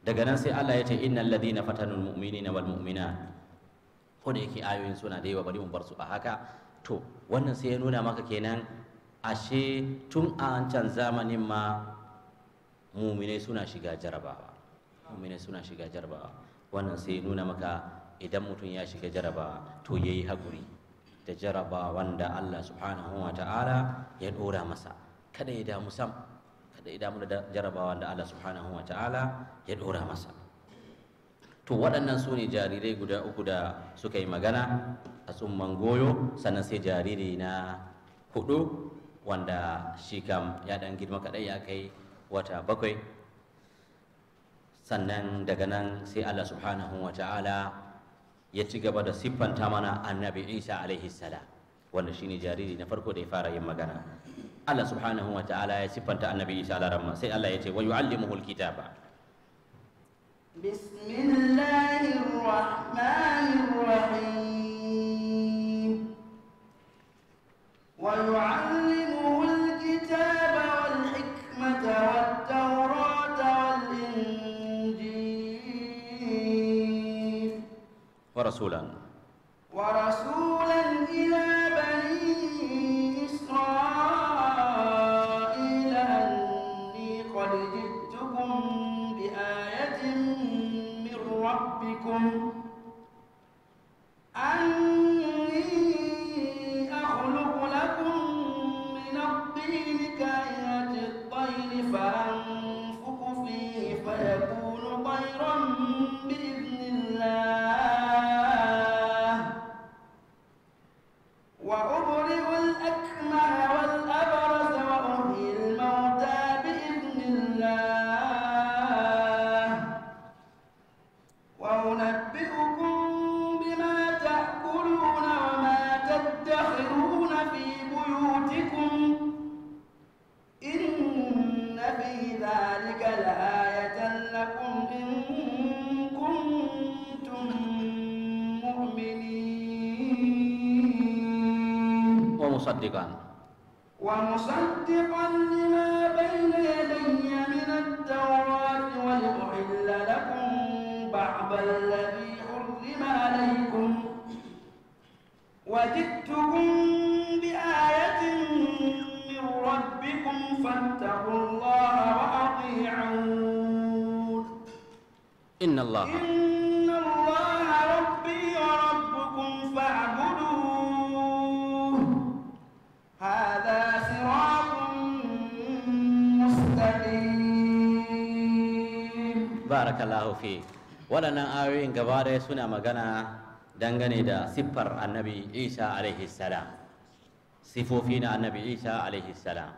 daga nan sai Allah ya ce innal ladina fatanul mu'minina wal mu'minat ko da yake ayoyin suna da yawa bari mu bar su a haka to wannan sai ya nuna maka kenan ashe tun a can zamanin ma muminai suna shiga jarabawa muminai suna shiga jarabawa wannan sai ya nuna maka idan mutum ya shiga jarabawa to yayi hakuri da jarabawan wanda Allah subhanahu wa ta'ala ya dora masa kada ya damu sam kada ya damu da jarabawa wanda Allah subhanahu wa ta'ala ya dora masa to waɗannan su ne jarirai guda uku da suka yi magana a tsumman goyo sannan sai jariri na hudu wanda shi kam ya ɗan girma kaɗai ya kai wata bakwai sannan daga nan sai Allah subhanahu wa ta'ala ya ci gaba da siffanta mana annabi isa alaihi salam wanda shi ne jariri na farko da ya fara yin magana Allah subhanahu wa ta'ala ya siffanta annabi isa alaihi alaramma sai Allah ya ce wa yu'allimuhu alkitaba بسم الله الرحمن الرحيم ويعلمه الكتاب والحكمة والتوراة والإنجيل ورسولا ورسولا إلى بني 사람들과 fi waɗannan ayoyin gaba ɗaya suna magana dangane da siffar annabi isa alaihi salam sifofi na annabi isa alaihi salam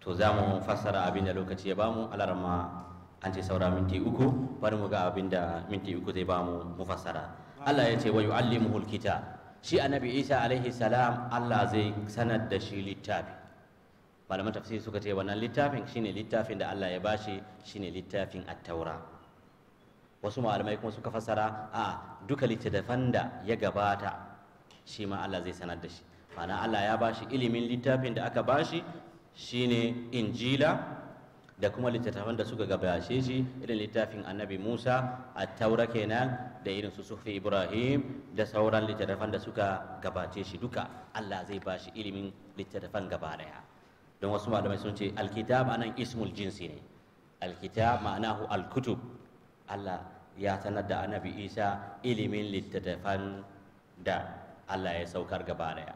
to za mu fassara abin da lokaci ya bamu alarma an ce saura minti uku bari mu ga abin da minti uku zai bamu mu fassara allah ya ce wa yu'allimuhul kitab shi annabi isa alaihi salam allah zai sanar da shi littafi malaman tafsiri suka ce wannan littafin shine littafin da Allah ya bashi shine littafin at-taura wasu malamai kuma suka fassara a duka littattafan da ya gabata shi ma Allah zai sanar da shi ma'ana Allah ya bashi ilimin littafin da aka bashi shine injila da kuma littattafan da suka gabashe shi irin littafin annabi musa a taura kenan da irin su sufi ibrahim da sauran littattafan da suka gabace shi duka allah zai ba shi ilimin littattafan gaba daya don wasu malamai sun ce alkitab anan ismul jinsi ne alkitab ma'anahu alkutub allah ya sanar da annabi isa ilimin littattafan da allah ya saukar gaba daya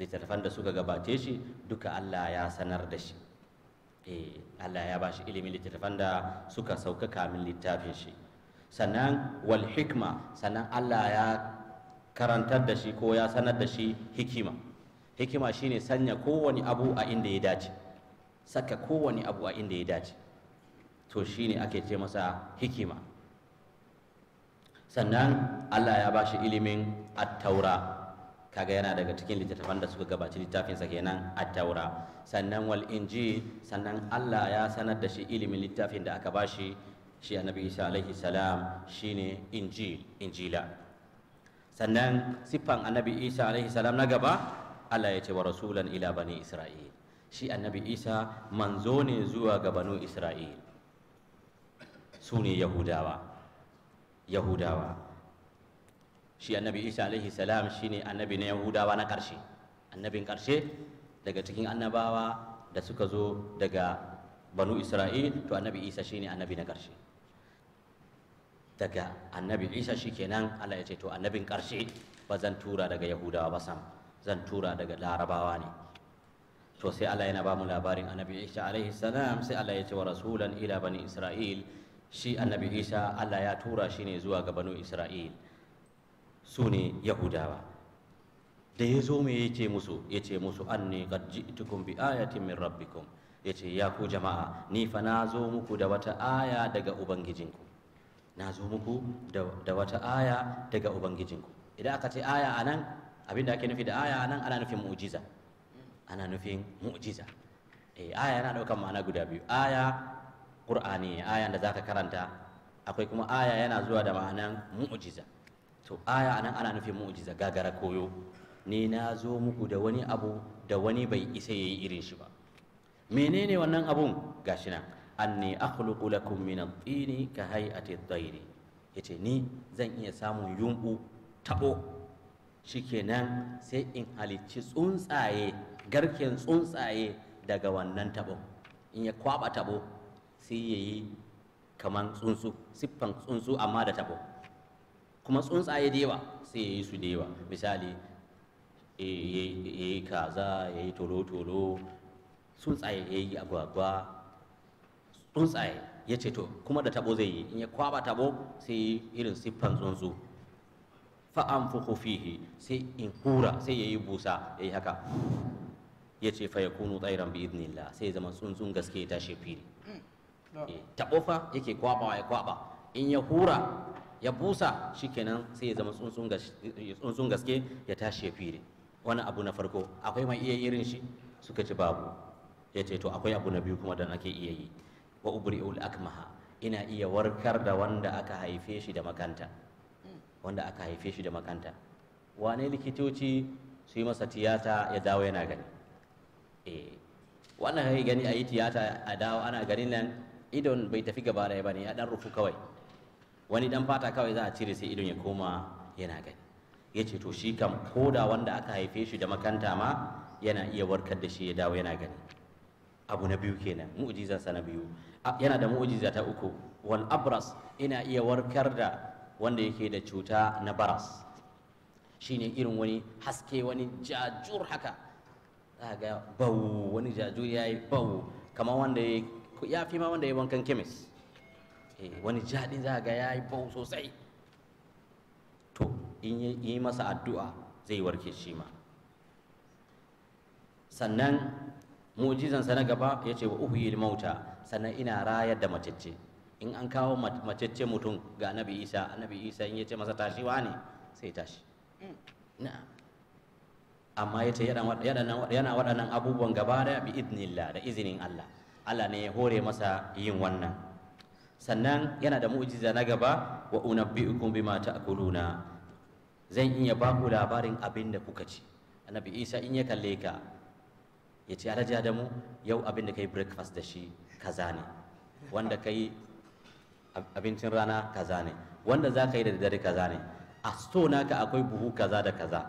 littattafan da suka gabace shi duka allah ya sanar da shi eh allah ya ba shi ilimin littattafan da suka sauka kamin littafin shi sannan wal hikma sannan allah ya karantar da shi ko ya sanar da shi hikima hikima shine sanya kowane abu a inda ya dace saka kowane abu a inda ya dace to shine ake ce masa hikima sannan Allah ya bashi ilimin at-taura kaga yana daga cikin littattafan da suka gabaci littafinsa kenan at-taura sannan wal inji, sannan Allah ya sanar da shi ilimin littafin da aka bashi shi annabi Isa alaihi salam shine injil injila sannan siffan annabi Isa alaihi salam na gaba Allah ya ce wa rasulan ila bani Isra'il shi annabi Isa manzo ne zuwa ga banu Isra'il su ne Yahudawa yahudawa shi annabi isa alaihi salam shine annabi na yahudawa na ƙarshe annabin ƙarshe daga cikin annabawa da suka zo daga banu isra'il to annabi isa shine annabi na ƙarshe daga annabi isa shi nan allah ya ce to annabin ƙarshe ba zan tura daga yahudawa ba sam zan tura daga larabawa ne to sai allah yana ba mu labarin annabi isa alaihi salam sai allah ya ce wa rasulan ila bani isra'il shi annabi isa allah ya tura shi ne zuwa ga banu isra'il su ne yahudawa da ya zo ya yake musu ya ce musu an ne qad ji'tukum bi ayatin min rabbikum ya ce ya ku jama'a ni fa na zo muku da wata aya daga ubangijinku na zo muku da wata aya daga ubangijinku idan aka ce aya a nan abinda ake nufi da aya a nan ana nufin mu'jiza ana nufin mu'jiza eh aya yana daukan ma'ana guda biyu aya qur'ani ya aya da zaka karanta akwai kuma aya yana zuwa da ma'anan mu'jiza to aya anan ana nufin mu'jiza gagara koyo ni na zo muku da wani abu da wani bai isa yayi irin shi ba menene wannan abun gashi nan anni akhluqu lakum min at-tini ka hay'ati at-tayri yace ni zan iya samun yumbu tabo shikenan sai in halicci tsuntsaye garken tsuntsaye daga wannan tabo in ya kwaba tabo sai ya yi kamar tsuntsu siffan tsuntsu amma da tabo kuma tsuntsaye ya yawa sai ya yi su da misali eh, ya yi kaza ya yi tolo-tolo tsuntsaye ya yi agwagwa tsuntsaye ya ce to kuma da tabo zai yi in ya kwaba tabo sai yi irin siffan tsuntsu fa'an fihi sai in hura sai ya yi busa ya yi haka ya ce fa ya kunu tsairan bi la sai zama tsuntsun gaske ya shefiri Eh, taɓo fa yake kwabawa ya kwaba in ya hura ya busa shikenan sai ya zama tsuntsun eh, gaske ya tashi ya fire wani abu na farko akwai mai iya irin shi suka ci babu ya ce to akwai abu na biyu kuma da ake iya yi wa ul akmaha ina iya warkar da wanda aka haife shi da makanta wanda aka haife shi da makanta wane likitoci su yi masa tiyata ya dawo yana gani eh wannan kai gani a yi tiyata a dawo ana ganin nan idon bai tafi gaba da ba ne ya dan rufu kawai wani dan fata kawai za a cire sai idon ya koma yana gani ya ce to shi kam ko da wanda aka haife shi da makanta ma yana iya warkar da shi ya dawo yana gani abu na biyu kenan sa na biyu yana da mu'jiza ta uku wal abras ina iya warkar da wanda yake da cuta na baras shine irin wani haske wani jajur haka za ga bau wani jajur ya yi bawo. kamar wanda ya ya fi ma wanda ya wankan kemis eh, wani jaɗi za a ga ya yi bau sosai to in yi masa addu'a zai warke shi ma sannan sa na gaba ya ce wa uhuyi mauta sannan ina rayar da macece in an kawo macece mutum ga annabi isa annabi isa in ya ce masa tashi wa ne sai tashi amma ya ce yana waɗannan abubuwan gaba da bi idnillah da izinin allah Allah ne ya hore masa yin wannan sannan yana da mu'jiza na gaba wa unabbi'ukum bima ta'kuluna zan iya ba ku labarin abin da kuka ci annabi Isa in ya kalle ka ya ce alhaji Adamu yau abin da kai breakfast da shi kaza ne wanda kai abincin rana kaza ne wanda za ka yi da dare kaza ne a sto naka akwai buhu kaza da kaza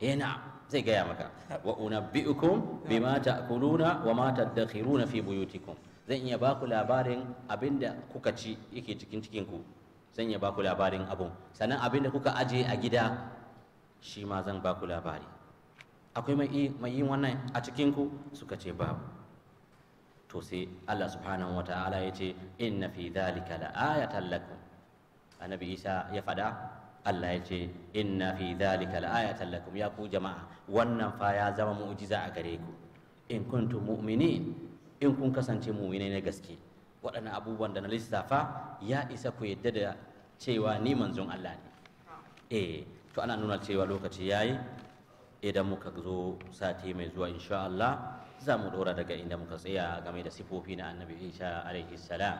yana zai gaya maka wa unabbi'ukum bima ta'kuluna wa ma tadakhiruna fi buyutikum zan iya baku labarin abinda kuka ci yake cikin cikin ku zan iya baku labarin abun sannan abinda kuka aje a gida shi ma zan baku labari akwai mai mai wannan a cikin ku suka ce babu to sai Allah subhanahu wata'ala ya ce inna fi dhalika la ayatan lakum annabi Isa ya fada Allah ya ce inna fi dhalika la'ayatan lakum ya ku jama'a wannan fa ya zama mu'jiza a gare ku in kuntum mu'minin in kun kasance mu'minai na gaske waɗannan abubuwan da na lissafa ya isa ku yadda da cewa ni manzon Allah ne eh to ana nuna cewa lokaci yayi idan muka zo sati mai zuwa insha Allah za mu dora daga inda muka tsaya game da sifofi na annabi Isa alaihi salam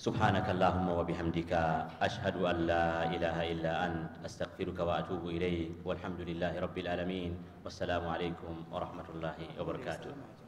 سبحانك اللهم وبحمدك أشهد أن لا إله إلا أنت أستغفرك وأتوب إليك والحمد لله رب العالمين والسلام عليكم ورحمة الله وبركاته